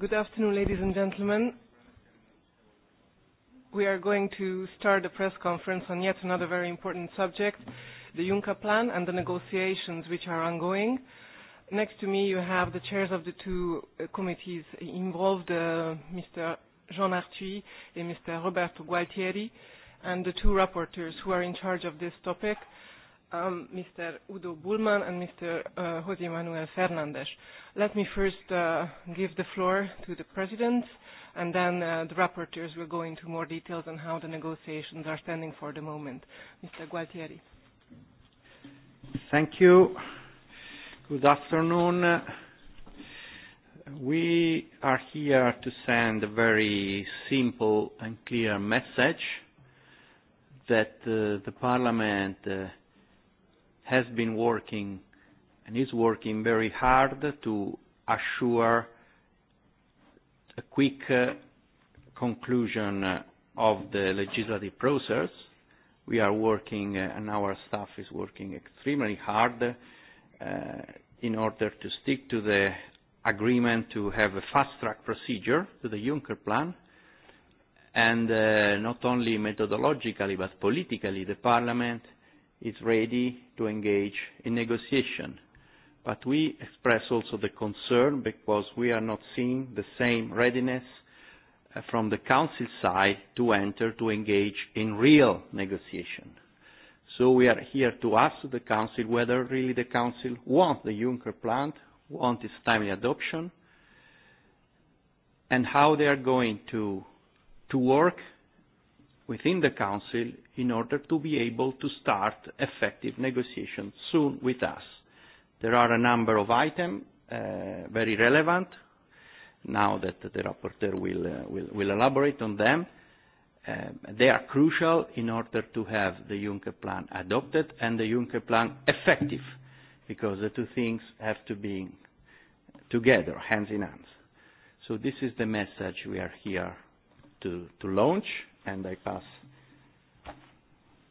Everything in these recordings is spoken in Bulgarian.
Good afternoon, ladies and gentlemen. We are going to start a press conference on yet another very important subject, the Juncker Plan and the negotiations which are ongoing. Next to me, you have the chairs of the two committees involved, Mr. Jean Arthuis and Mr. Roberto Gualtieri, and the two rapporteurs who are in charge of this topic um, Mr. Udo Bullmann and Mr. Uh, Jose Manuel Fernandez. Let me first uh, give the floor to the President, and then uh, the rapporteurs will go into more details on how the negotiations are standing for the moment. Mr. Gualtieri. Thank you. Good afternoon. We are here to send a very simple and clear message that uh, the Parliament uh, has been working and is working very hard to assure a quick conclusion of the legislative process. We are working, and our staff is working extremely hard in order to stick to the agreement to have a fast-track procedure to the Juncker plan. and Not only methodologically, but politically, the parliament is ready to engage in negotiation. But we express also the concern because we are not seeing the same readiness from the Council side to enter to engage in real negotiation. So we are here to ask the Council whether really the Council wants the Juncker plant, wants its timely adoption, and how they are going to, to work within the Council in order to be able to start effective negotiations soon with us. There are a number of items, uh, very relevant, now that the rapporteur will, uh, will, will elaborate on them. Um, they are crucial in order to have the Juncker Plan adopted and the Juncker Plan effective, because the two things have to be together, hands in hands. So this is the message we are here to, to launch and I pass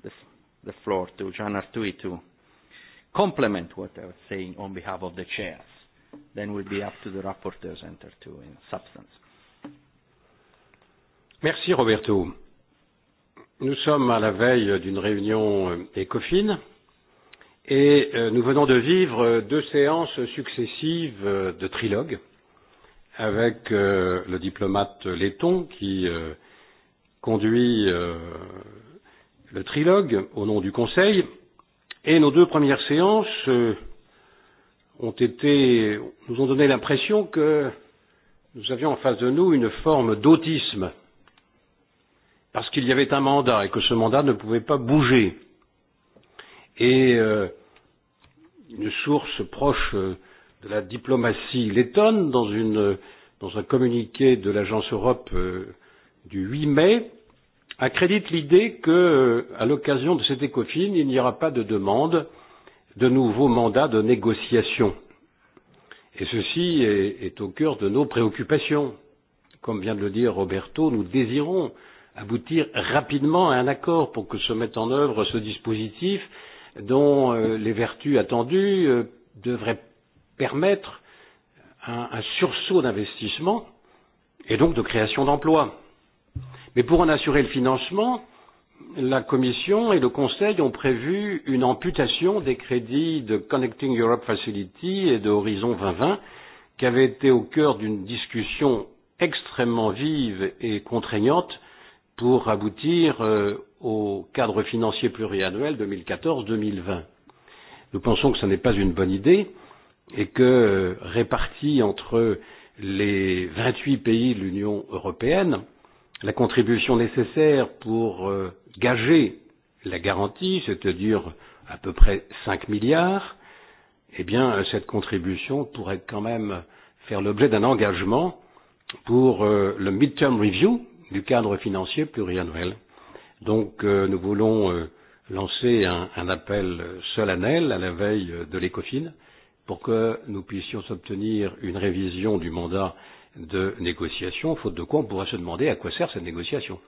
the, the floor to Jean Artui to complement what I was saying on behalf of the chairs. Then we'll be up to the rapporteurs enter to in substance. Merci Roberto. Nous sommes à la veille d'une réunion ECOFIN et nous venons de vivre deux séances successives de trilogue avec le diplomate letton qui conduit euh, le trilogue au nom du Conseil et nos deux premières séances euh, ont été, nous ont donné l'impression que nous avions en face de nous une forme d'autisme parce qu'il y avait un mandat et que ce mandat ne pouvait pas bouger. Et euh, une source proche de la diplomatie lettonne dans, une, dans un communiqué de l'agence Europe euh, du 8 mai accrédite l'idée que, à l'occasion de cet écofine, il n'y aura pas de demande de nouveaux mandats de négociation. Et ceci est, est au cœur de nos préoccupations. Comme vient de le dire Roberto, nous désirons aboutir rapidement à un accord pour que se mette en œuvre ce dispositif dont euh, les vertus attendues euh, devraient permettre un, un sursaut d'investissement et donc de création d'emplois Mais pour en assurer le financement, la Commission et le Conseil ont prévu une amputation des crédits de Connecting Europe Facility et de Horizon 2020, qui avaient été au cœur d'une discussion extrêmement vive et contraignante pour aboutir euh, au cadre financier pluriannuel 2014-2020. Nous pensons que ce n'est pas une bonne idée et que euh, répartis entre les 28 pays de l'Union européenne, euh, la contribution nécessaire pour euh, gager la garantie, c'est-à-dire à peu près 5 milliards, eh bien, cette contribution pourrait quand même faire l'objet d'un engagement pour euh, le midterm review du cadre financier pluriannuel. Donc, euh, nous voulons euh, lancer un, un appel solennel à la veille de l'ECOFIN pour que nous puissions obtenir une révision du mandat euh, de négociation, faute de quoi on pourrait se demander à quoi sert cette négociation.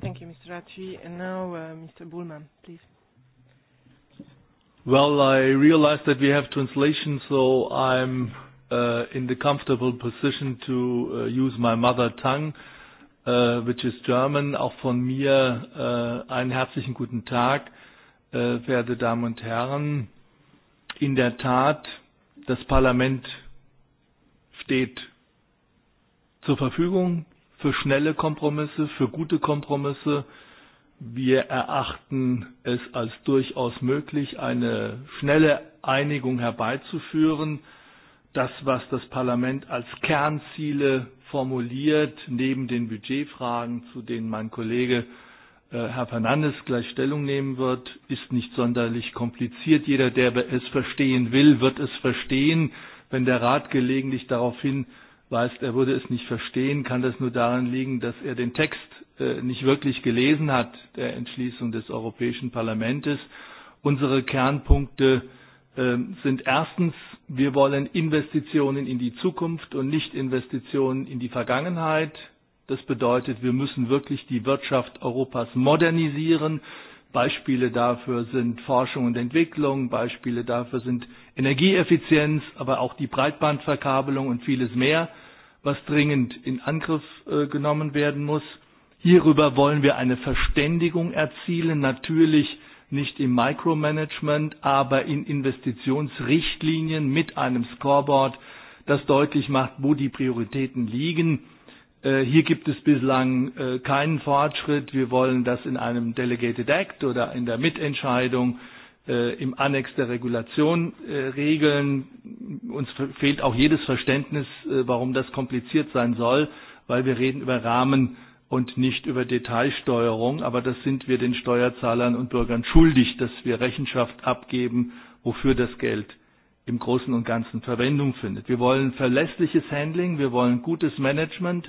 Thank you, Mr. Ratchi. And now, uh, Mr. Bullman, please. Well, I realize that we have translation, so I'm uh, in the comfortable position to uh, use my mother tongue, uh, which is German. Auch von mir uh, einen herzlichen guten Tag, uh, verehrte Damen und Herren. In der Tat, das Parlament steht zur Verfügung für schnelle Kompromisse, für gute Kompromisse. Wir erachten es als durchaus möglich, eine schnelle Einigung herbeizuführen. Das, was das Parlament als Kernziele formuliert, neben den Budgetfragen, zu denen mein Kollege Herr Fernandes gleich Stellung nehmen wird, ist nicht sonderlich kompliziert. Jeder, der es verstehen will, wird es verstehen wenn der Rat gelegentlich darauf hinweist, er würde es nicht verstehen, kann das nur daran liegen, dass er den Text nicht wirklich gelesen hat, der Entschließung des Europäischen Parlaments. Unsere Kernpunkte sind erstens, wir wollen Investitionen in die Zukunft und nicht Investitionen in die Vergangenheit. Das bedeutet, wir müssen wirklich die Wirtschaft Europas modernisieren. Beispiele dafür sind Forschung und Entwicklung, Beispiele dafür sind Energieeffizienz, aber auch die Breitbandverkabelung und vieles mehr, was dringend in Angriff genommen werden muss. Hierüber wollen wir eine Verständigung erzielen, natürlich nicht im Micromanagement, aber in Investitionsrichtlinien mit einem Scoreboard, das deutlich macht, wo die Prioritäten liegen. Hier gibt es bislang keinen Fortschritt. Wir wollen das in einem Delegated Act oder in der Mitentscheidung im Annex der Regulation regeln. Uns fehlt auch jedes Verständnis, warum das kompliziert sein soll, weil wir reden über Rahmen und nicht über Detailsteuerung. Aber das sind wir den Steuerzahlern und Bürgern schuldig, dass wir Rechenschaft abgeben, wofür das Geld im Großen und Ganzen Verwendung findet. Wir wollen verlässliches Handling, wir wollen gutes Management,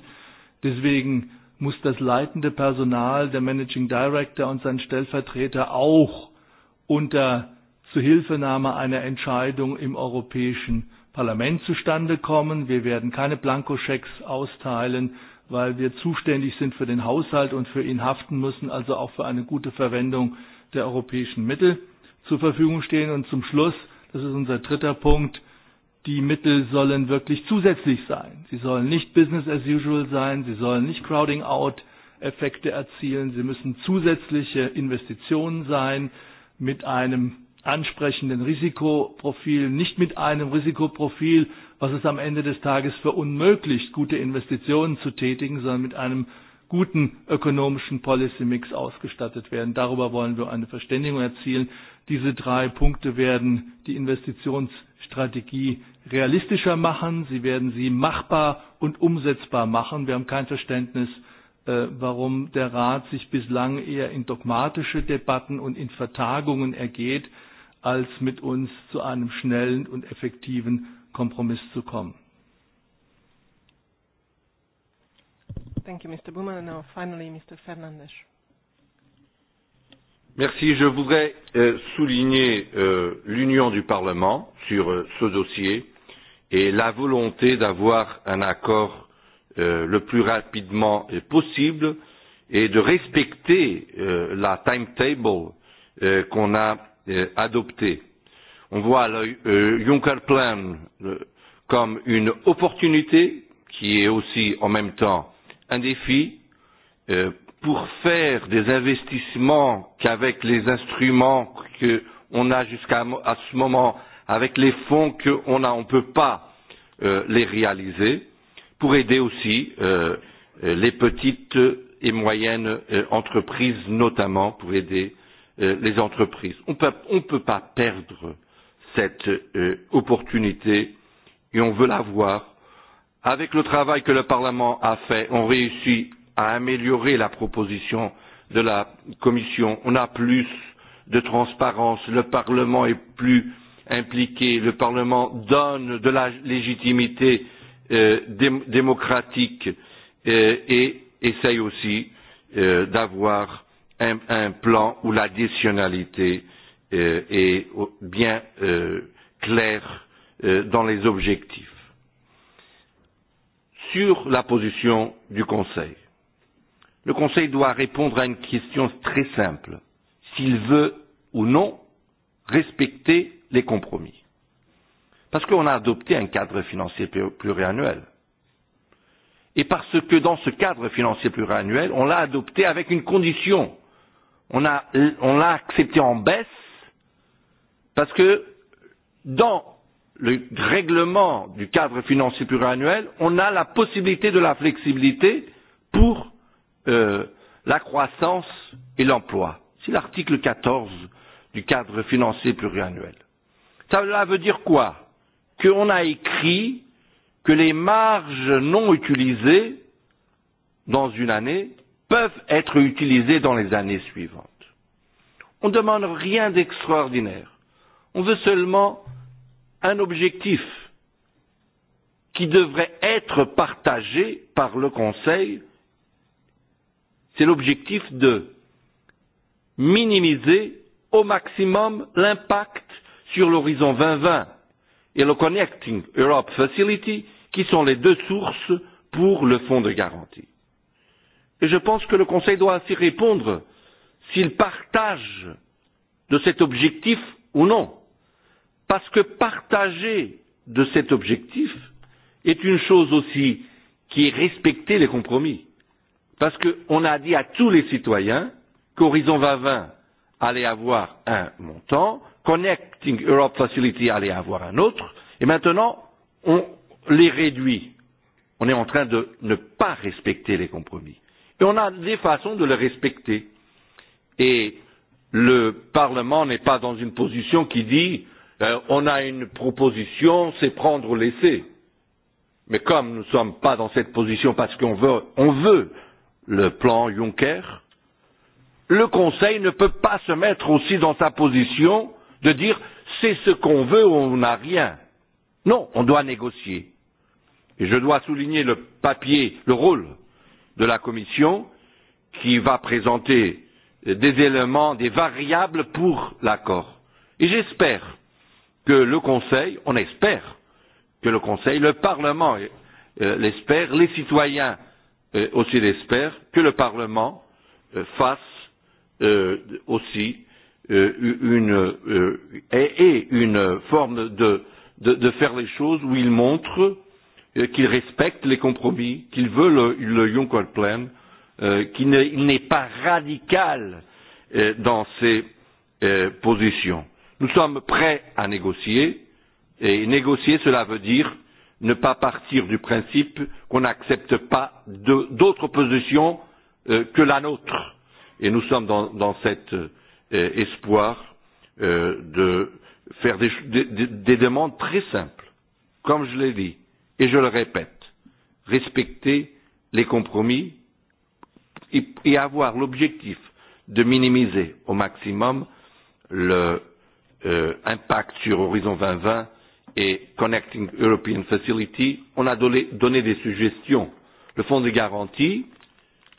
Deswegen muss das leitende Personal, der Managing Director und sein Stellvertreter auch unter Zuhilfenahme einer Entscheidung im Europäischen Parlament zustande kommen. Wir werden keine Blankoschecks austeilen, weil wir zuständig sind für den Haushalt und für ihn haften müssen, also auch für eine gute Verwendung der europäischen Mittel zur Verfügung stehen. Und zum Schluss, das ist unser dritter Punkt, die Mittel sollen wirklich zusätzlich sein. Sie sollen nicht Business as usual sein, sie sollen nicht Crowding out Effekte erzielen, sie müssen zusätzliche Investitionen sein mit einem ansprechenden Risikoprofil, nicht mit einem Risikoprofil, was es am Ende des Tages verunmöglicht, gute Investitionen zu tätigen, sondern mit einem guten ökonomischen Policy-Mix ausgestattet werden. Darüber wollen wir eine Verständigung erzielen. Diese drei Punkte werden die Investitionsstrategie realistischer machen, sie werden sie machbar und umsetzbar machen. Wir haben kein Verständnis, warum der Rat sich bislang eher in dogmatische Debatten und in Vertagungen ergeht, als mit uns zu einem schnellen und effektiven Kompromiss zu kommen. Thank you, Mr. Buhmann. And now finally, Mr. Fernandes. Merci. Je voudrais euh, souligner euh, l'union du Parlement sur euh, ce dossier et la volonté d'avoir un accord le plus rapidement possible et de respecter la timetable qu'on a adoptée. On voit le Juncker Plan comme une opportunité qui est aussi en même temps un défi pour faire des investissements qu'avec les instruments qu'on a jusqu'à ce moment avec les fonds qu'on a, on ne peut pas euh, les réaliser, pour aider aussi euh, les petites et moyennes euh, entreprises, notamment pour aider euh, les entreprises. On peut, ne peut pas perdre cette euh, opportunité et on veut l'avoir. Avec le travail que le Parlement a fait, on réussit à améliorer la proposition de la Commission. On a plus de transparence, le Parlement est plus impliqués, le Parlement donne de la légitimité euh, dé démocratique euh, et essaye aussi euh, d'avoir un, un plan où l'additionnalité euh, est bien euh, claire euh, dans les objectifs. Sur la position du Conseil, le Conseil doit répondre à une question très simple s'il veut ou non respecter les compromis. Parce qu'on a adopté un cadre financier pluriannuel. Et parce que dans ce cadre financier pluriannuel, on l'a adopté avec une condition. On, a, on l'a accepté en baisse parce que dans le règlement du cadre financier pluriannuel, on a la possibilité de la flexibilité pour euh, la croissance et l'emploi. C'est l'article 14 du cadre financier pluriannuel. Cela veut dire quoi Qu'on a écrit que les marges non utilisées dans une année peuvent être utilisées dans les années suivantes. On ne demande rien d'extraordinaire. On veut seulement un objectif qui devrait être partagé par le Conseil, c'est l'objectif de minimiser au maximum l'impact sur l'horizon 2020 et le Connecting Europe Facility, qui sont les deux sources pour le fonds de garantie. Et je pense que le Conseil doit ainsi répondre s'il partage de cet objectif ou non. Parce que partager de cet objectif est une chose aussi qui est respecter les compromis. Parce qu'on a dit à tous les citoyens qu'Horizon 2020 allait avoir un montant, Connecting Europe Facility allait avoir un autre, et maintenant on les réduit. On est en train de ne pas respecter les compromis. Et on a des façons de les respecter. Et le Parlement n'est pas dans une position qui dit euh, on a une proposition, c'est prendre ou laisser. Mais comme nous ne sommes pas dans cette position parce qu'on veut, on veut le plan Juncker, le Conseil ne peut pas se mettre aussi dans sa position de dire c'est ce qu'on veut ou on n'a rien. Non, on doit négocier. Et je dois souligner le papier, le rôle de la Commission qui va présenter des éléments, des variables pour l'accord. Et j'espère que le Conseil, on espère que le Conseil, le Parlement euh, l'espère, les citoyens euh, aussi l'espèrent, que le Parlement euh, fasse euh, aussi euh, une, euh, et, et une forme de, de, de faire les choses où il montre euh, qu'il respecte les compromis, qu'il veut le, le Juncker Plan, euh, qu'il n'est pas radical euh, dans ses euh, positions. Nous sommes prêts à négocier, et négocier, cela veut dire ne pas partir du principe qu'on n'accepte pas d'autres positions euh, que la nôtre et nous sommes dans, dans cet euh, espoir euh, de faire des, des, des demandes très simples, comme je l'ai dit et je le répète respecter les compromis et, et avoir l'objectif de minimiser au maximum l'impact sur Horizon 2020 et Connecting European Facility. On a donné, donné des suggestions. Le fonds de garantie,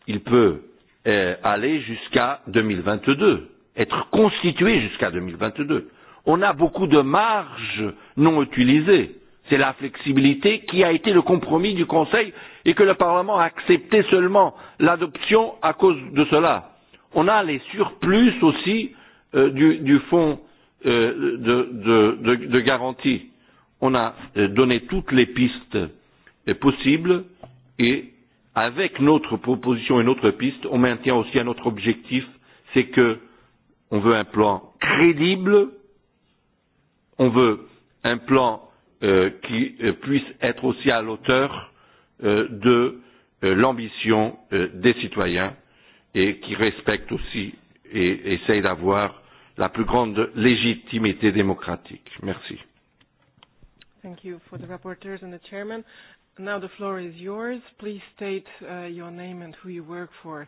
il peut euh, aller jusqu'à 2022, être constitué jusqu'à 2022. On a beaucoup de marges non utilisées. C'est la flexibilité qui a été le compromis du Conseil et que le Parlement a accepté seulement l'adoption à cause de cela. On a les surplus aussi euh, du, du fonds euh, de, de, de, de garantie. On a donné toutes les pistes possibles et avec notre proposition et notre piste, on maintient aussi un autre objectif, c'est que on veut un plan crédible, on veut un plan euh, qui euh, puisse être aussi à l'auteur euh, de euh, l'ambition euh, des citoyens et qui respecte aussi et essaye d'avoir la plus grande légitimité démocratique. Merci. Thank you for the rapporteurs and the chairman. Now the floor is yours. Please state uh, your name and who you work for.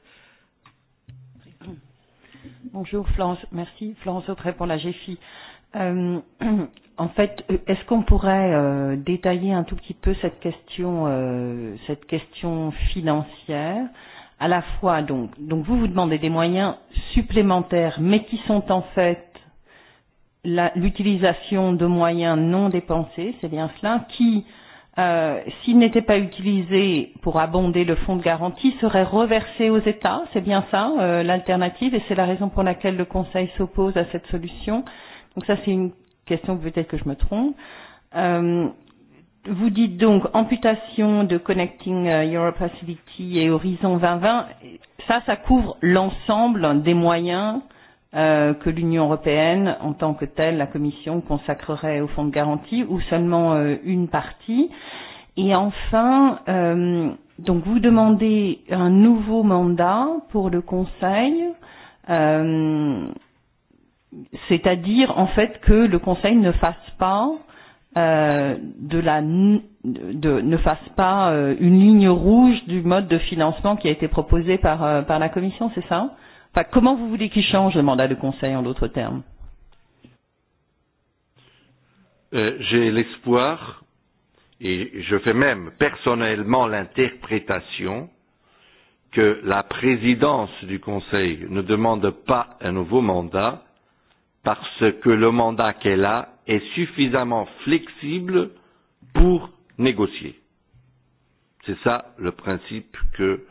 Bonjour Florence, merci Florence Autré pour la GFI. Euh, en fait, est-ce qu'on pourrait euh, détailler un tout petit peu cette question, euh, cette question financière À la fois, donc, donc vous vous demandez des moyens supplémentaires, mais qui sont en fait l'utilisation de moyens non dépensés, c'est bien cela, qui, euh, s'ils n'étaient pas utilisés pour abonder le fonds de garantie, seraient reversés aux États, c'est bien ça euh, l'alternative, et c'est la raison pour laquelle le Conseil s'oppose à cette solution. Donc ça, c'est une question peut-être que je me trompe. Euh, vous dites donc amputation de Connecting Europe Facility et Horizon 2020, ça, ça couvre l'ensemble des moyens euh, que l'Union européenne, en tant que telle, la Commission consacrerait au fonds de garantie, ou seulement euh, une partie. Et enfin, euh, donc vous demandez un nouveau mandat pour le Conseil. Euh, c'est-à-dire en fait que le Conseil ne fasse pas euh, de la de, ne fasse pas euh, une ligne rouge du mode de financement qui a été proposé par euh, par la Commission, c'est ça Enfin, comment vous voulez qu'il change le mandat du Conseil en d'autres termes euh, J'ai l'espoir, et je fais même personnellement l'interprétation, que la présidence du Conseil ne demande pas un nouveau mandat parce que le mandat qu'elle a est suffisamment flexible pour négocier. C'est ça le principe que,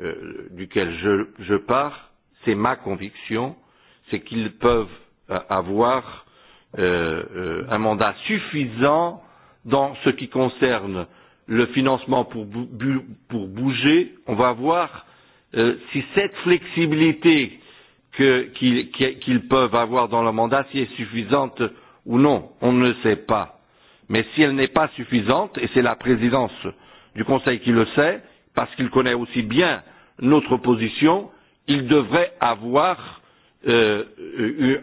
euh, duquel je, je pars c'est ma conviction, c'est qu'ils peuvent avoir euh, un mandat suffisant dans ce qui concerne le financement pour, bu, pour bouger. On va voir euh, si cette flexibilité qu'ils qu qu peuvent avoir dans le mandat, si elle est suffisante ou non. On ne sait pas. Mais si elle n'est pas suffisante, et c'est la présidence du Conseil qui le sait, parce qu'il connaît aussi bien notre position, il devrait avoir euh,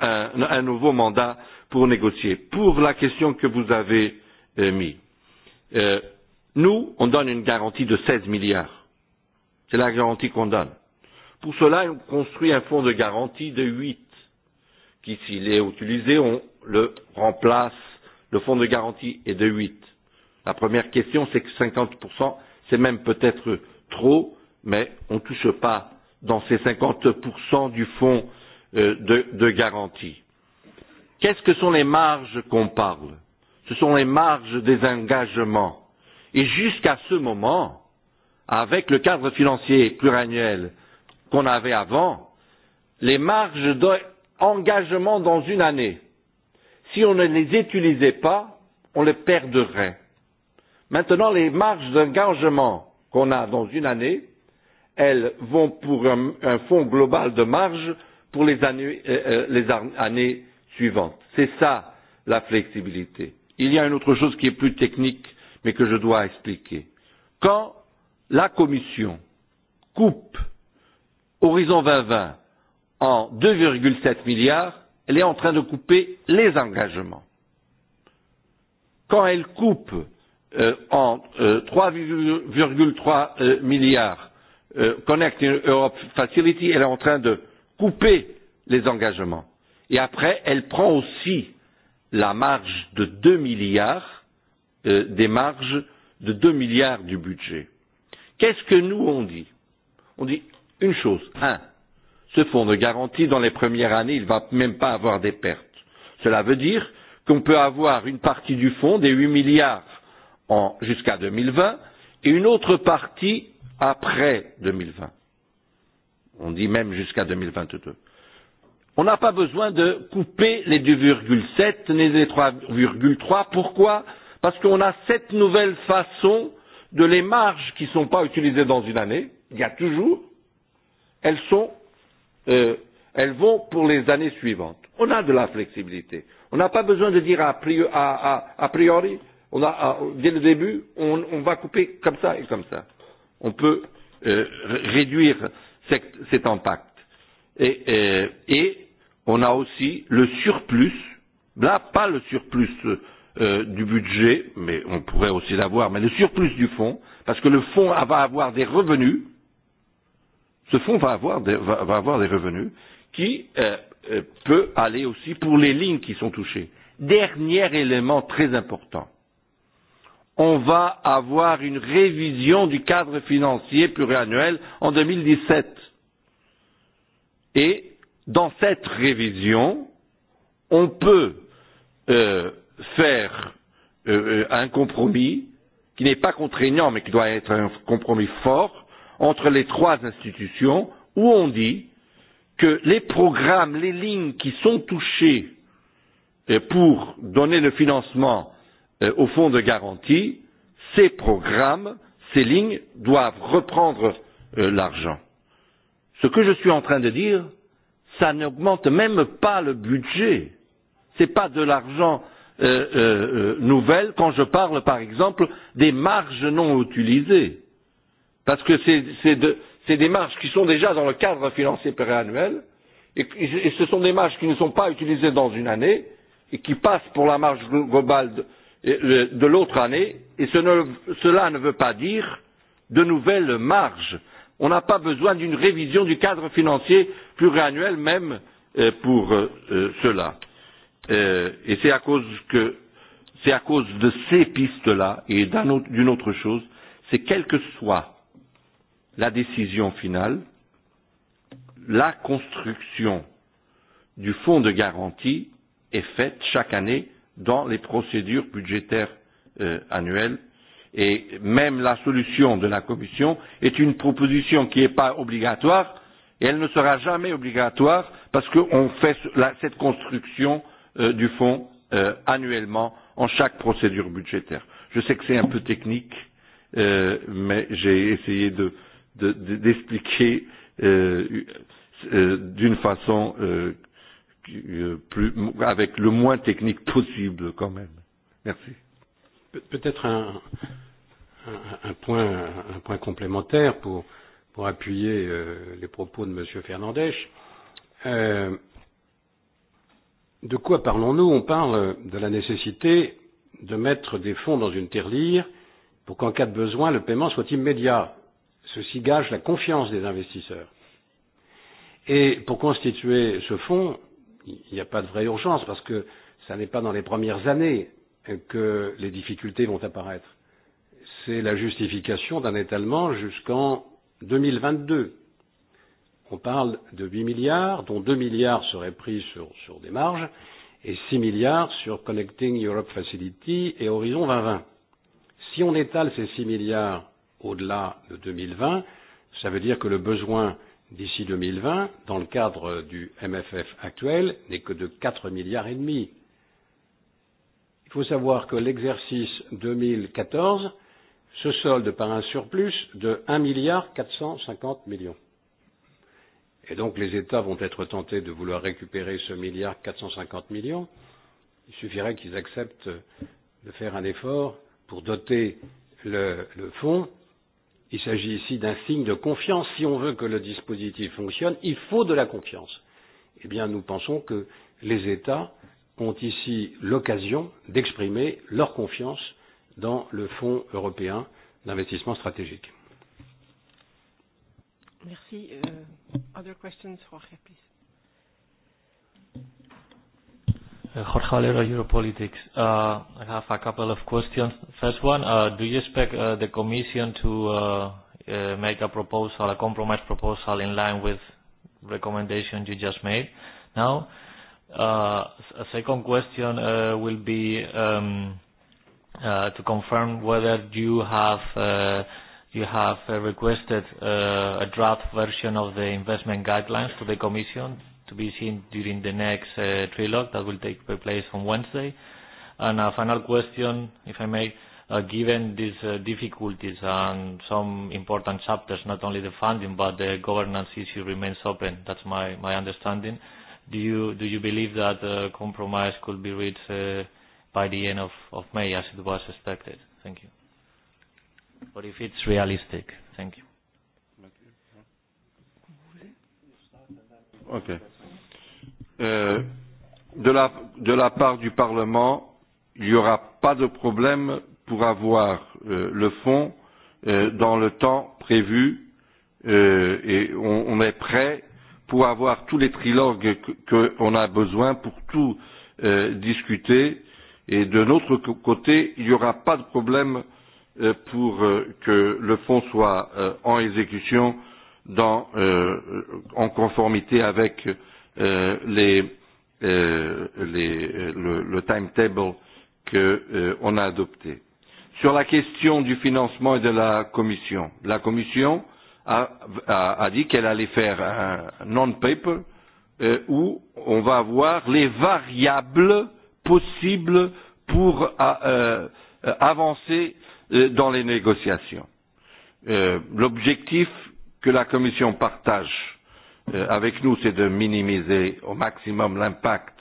un, un nouveau mandat pour négocier. Pour la question que vous avez euh, mise, euh, nous, on donne une garantie de 16 milliards. C'est la garantie qu'on donne. Pour cela, on construit un fonds de garantie de 8 qui, s'il est utilisé, on le remplace. Le fonds de garantie est de 8. La première question, c'est que 50%, c'est même peut-être trop, mais on ne touche pas dans ces 50% du fonds de, de garantie. Qu'est-ce que sont les marges qu'on parle Ce sont les marges des engagements. Et jusqu'à ce moment, avec le cadre financier pluriannuel qu'on avait avant, les marges d'engagement dans une année, si on ne les utilisait pas, on les perdrait. Maintenant, les marges d'engagement qu'on a dans une année, elles vont pour un, un fonds global de marge pour les années, euh, les années suivantes. C'est ça la flexibilité. Il y a une autre chose qui est plus technique, mais que je dois expliquer. Quand la Commission coupe Horizon 2020 en 2,7 milliards, elle est en train de couper les engagements. Quand elle coupe euh, en euh, 3,3 euh, milliards Connect Europe Facility, elle est en train de couper les engagements. Et après, elle prend aussi la marge de 2 milliards, euh, des marges de 2 milliards du budget. Qu'est-ce que nous on dit On dit une chose. Un, ce fonds de garantie, dans les premières années, il ne va même pas avoir des pertes. Cela veut dire qu'on peut avoir une partie du fonds, des 8 milliards jusqu'à 2020, et une autre partie après 2020. On dit même jusqu'à 2022. On n'a pas besoin de couper les 2,7 ni les 3,3. Pourquoi Parce qu'on a cette nouvelle façon de les marges qui ne sont pas utilisées dans une année. Il y a toujours. Elles sont. Euh, elles vont pour les années suivantes. On a de la flexibilité. On n'a pas besoin de dire a priori, a, a, a priori on a, a, dès le début, on, on va couper comme ça et comme ça on peut euh, réduire cet, cet impact. Et, et, et on a aussi le surplus, là pas le surplus euh, du budget, mais on pourrait aussi l'avoir, mais le surplus du fonds, parce que le fonds va avoir des revenus, ce fonds va avoir des, va, va avoir des revenus qui euh, euh, peut aller aussi pour les lignes qui sont touchées. Dernier élément très important, on va avoir une révision du cadre financier pluriannuel en 2017. Et dans cette révision, on peut euh, faire euh, un compromis qui n'est pas contraignant mais qui doit être un compromis fort entre les trois institutions où on dit que les programmes, les lignes qui sont touchées pour donner le financement au fonds de garantie, ces programmes, ces lignes doivent reprendre l'argent. Ce que je suis en train de dire, ça n'augmente même pas le budget. Ce n'est pas de l'argent euh, euh, nouvel quand je parle, par exemple, des marges non utilisées. Parce que c'est de, des marges qui sont déjà dans le cadre financier pluriannuel, et, et ce sont des marges qui ne sont pas utilisées dans une année, et qui passent pour la marge globale de de l'autre année et cela ne veut pas dire de nouvelles marges. On n'a pas besoin d'une révision du cadre financier pluriannuel même pour cela. Et c'est à cause que c'est à cause de ces pistes là et d'une autre chose, c'est quelle que soit la décision finale, la construction du fonds de garantie est faite chaque année dans les procédures budgétaires euh, annuelles. Et même la solution de la Commission est une proposition qui n'est pas obligatoire et elle ne sera jamais obligatoire parce qu'on fait la, cette construction euh, du fonds euh, annuellement en chaque procédure budgétaire. Je sais que c'est un peu technique, euh, mais j'ai essayé de, de, de, d'expliquer euh, euh, d'une façon euh, plus, avec le moins technique possible quand même. Merci. Pe Peut-être un, un, un, point, un point complémentaire pour, pour appuyer euh, les propos de M. Fernandez. Euh, de quoi parlons-nous On parle de la nécessité de mettre des fonds dans une tirelire pour qu'en cas de besoin, le paiement soit immédiat. Ceci gage la confiance des investisseurs. Et pour constituer ce fonds, il n'y a pas de vraie urgence parce que ce n'est pas dans les premières années que les difficultés vont apparaître. C'est la justification d'un étalement jusqu'en 2022. On parle de 8 milliards, dont 2 milliards seraient pris sur, sur des marges et 6 milliards sur Connecting Europe Facility et Horizon 2020. Si on étale ces 6 milliards au-delà de 2020, ça veut dire que le besoin euh, d'ici 2020, dans le cadre du MFF actuel, n'est que de 4 milliards et demi. Il faut savoir que l'exercice 2014 se solde par un surplus de 1 milliard 450 millions. Et donc les États vont être tentés de vouloir récupérer ce milliard 450 millions. Il suffirait qu'ils acceptent de faire un effort pour doter le, le fonds Il s'agit ici d'un signe de confiance. Si on veut que le dispositif fonctionne, il faut de la confiance. Eh bien, nous pensons que les États ont ici l'occasion d'exprimer leur confiance dans le Fonds européen d'investissement stratégique. Merci. Uh, other questions, Jorge, please. Jorge Valero, Europolitics. Uh I have a couple of questions. First one, uh do you expect uh the commission to uh uh make a proposal, a compromise proposal in line with recommendation you just made now? Uh A second question uh will be um uh to confirm whether you have uh you have uh requested uh a draft version of the investment guidelines to the commission to be seen during the next uh, trilogue that will take place on Wednesday. And a final question, if I may, uh, given these uh, difficulties and some important chapters, not only the funding but the governance issue remains open. That's my, my understanding. Do you do you believe that a compromise could be reached uh, by the end of, of May, as it was expected? Thank you. But if it's realistic, thank you. Okay de, la, de la part du Parlement, il n'y aura pas de problème pour avoir euh, le fonds euh, dans le temps prévu euh, et on, on est prêt pour avoir tous les trilogues qu'on a besoin pour tout euh, discuter et de notre côté, il n'y aura pas de problème euh, pour euh, que le fonds soit euh, en exécution dans, euh, en conformité avec euh, euh, les, euh, les, le, le timetable qu'on euh, a adopté. Sur la question du financement et de la Commission, la Commission a, a, a dit qu'elle allait faire un non-paper euh, où on va avoir les variables possibles pour euh, avancer dans les négociations. Euh, L'objectif que la Commission partage avec nous, c'est de minimiser au maximum l'impact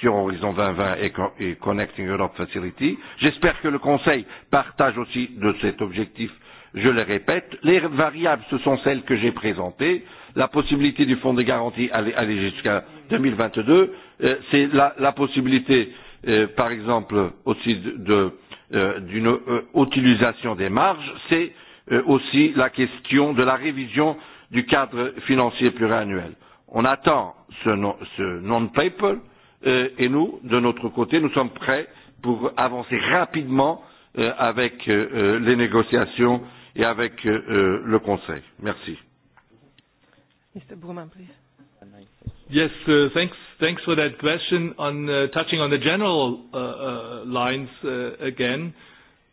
sur Horizon 2020 et Connecting Europe Facility. J'espère que le Conseil partage aussi de cet objectif, je le répète. Les variables, ce sont celles que j'ai présentées. La possibilité du fonds de garantie aller jusqu'à 2022, c'est la, la possibilité, par exemple, aussi de, d'une utilisation des marges, c'est aussi la question de la révision du cadre financier pluriannuel. On attend ce, ce non-paper euh, et nous, de notre côté, nous sommes prêts pour avancer rapidement euh, avec euh, les négociations et avec euh, le Conseil. Merci. Mr. Burman, please. Yes, uh, thanks. Thanks for that question. On uh, touching on the general uh, uh, lines uh, again,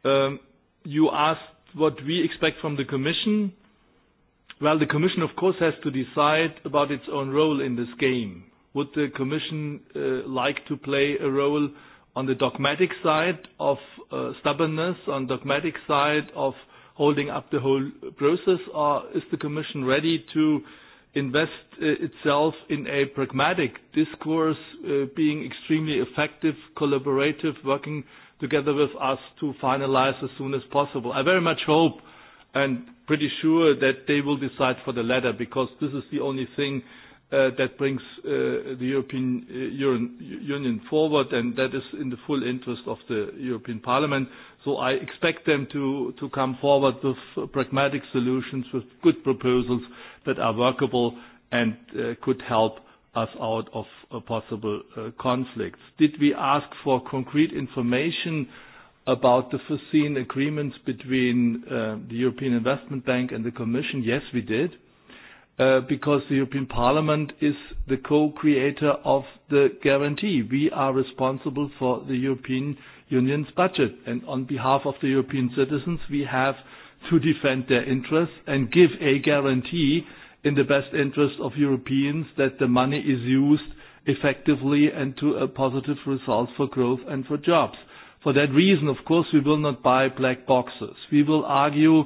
um, you asked what we expect from the Commission Well, the Commission, of course, has to decide about its own role in this game. Would the Commission uh, like to play a role on the dogmatic side of uh, stubbornness, on dogmatic side of holding up the whole process, or is the Commission ready to invest uh, itself in a pragmatic discourse, uh, being extremely effective, collaborative, working together with us to finalize as soon as possible? I very much hope and pretty sure that they will decide for the latter because this is the only thing uh, that brings uh, the European Union forward and that is in the full interest of the European Parliament. So I expect them to, to come forward with pragmatic solutions, with good proposals that are workable and uh, could help us out of uh, possible uh, conflicts. Did we ask for concrete information about the foreseen agreements between uh, the European Investment Bank and the Commission? Yes, we did, uh, because the European Parliament is the co-creator of the guarantee. We are responsible for the European Union's budget, and on behalf of the European citizens, we have to defend their interests and give a guarantee in the best interest of Europeans that the money is used effectively and to a positive result for growth and for jobs. For that reason, of course, we will not buy black boxes. We will argue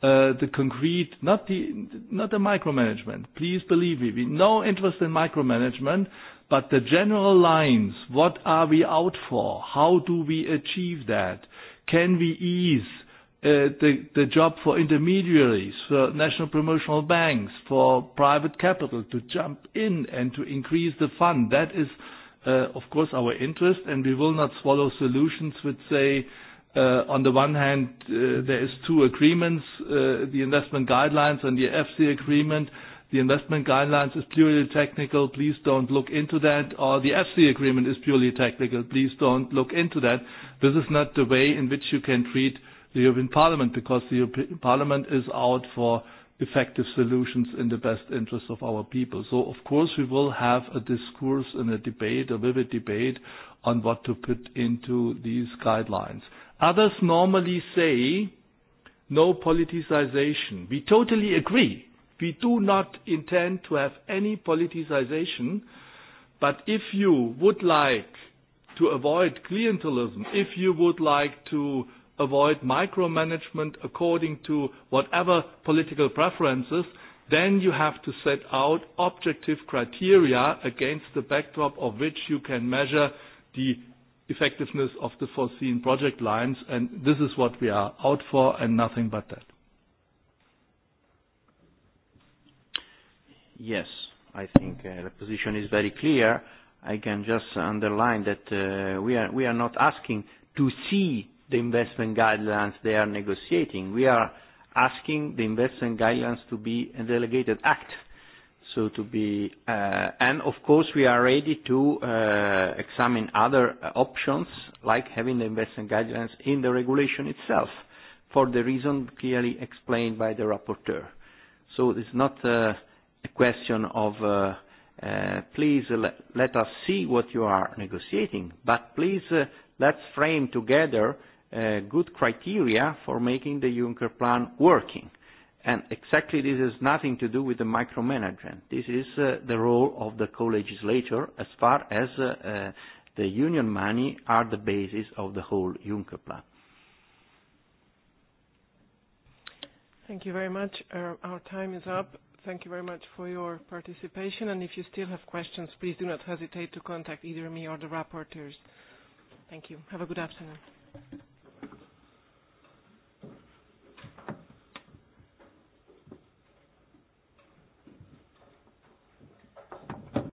the concrete, not the not the micromanagement. Please believe me, we no interest in micromanagement, but the general lines, what are we out for? How do we achieve that? Can we ease the the job for intermediaries, for national promotional banks, for private capital to jump in and to increase the fund? That is of course, our interest, and we will not swallow solutions which say, on the one hand, there is two agreements, the investment guidelines and the EFSI agreement. The investment guidelines is purely technical, please don't look into that, or the EFSI agreement is purely technical, please don't look into that. This is not the way in which you can treat the European Parliament, because the European Parliament is out for effective solutions in the best interest of our people. So of course we will have a discourse and a debate, a vivid debate on what to put into these guidelines. Others normally say no politicization. We totally agree. We do not intend to have any politicization, but if you would like to avoid clientelism, if you would like to avoid micromanagement according to whatever political preferences, then you have to set out objective criteria against the backdrop of which you can measure the effectiveness of the foreseen project lines, and this is what we are out for and nothing but that. Yes, I think uh, the position is very clear. I can just underline that uh, we, are, we are not asking to see the investment guidelines they are negotiating. We are asking the investment guidelines to be a delegated act. So to be, uh, and of course we are ready to uh, examine other options like having the investment guidelines in the regulation itself for the reason clearly explained by the rapporteur. So it's not uh, a question of uh, uh, please let, let us see what you are negotiating, but please uh, let's frame together uh, good criteria for making the Juncker plan working. And exactly this has nothing to do with the micromanagement. This is uh, the role of the co-legislator as far as uh, uh, the union money are the basis of the whole Juncker plan. Thank you very much. Uh, our time is up. Thank you very much for your participation. And if you still have questions, please do not hesitate to contact either me or the rapporteurs. Thank you. Have a good afternoon.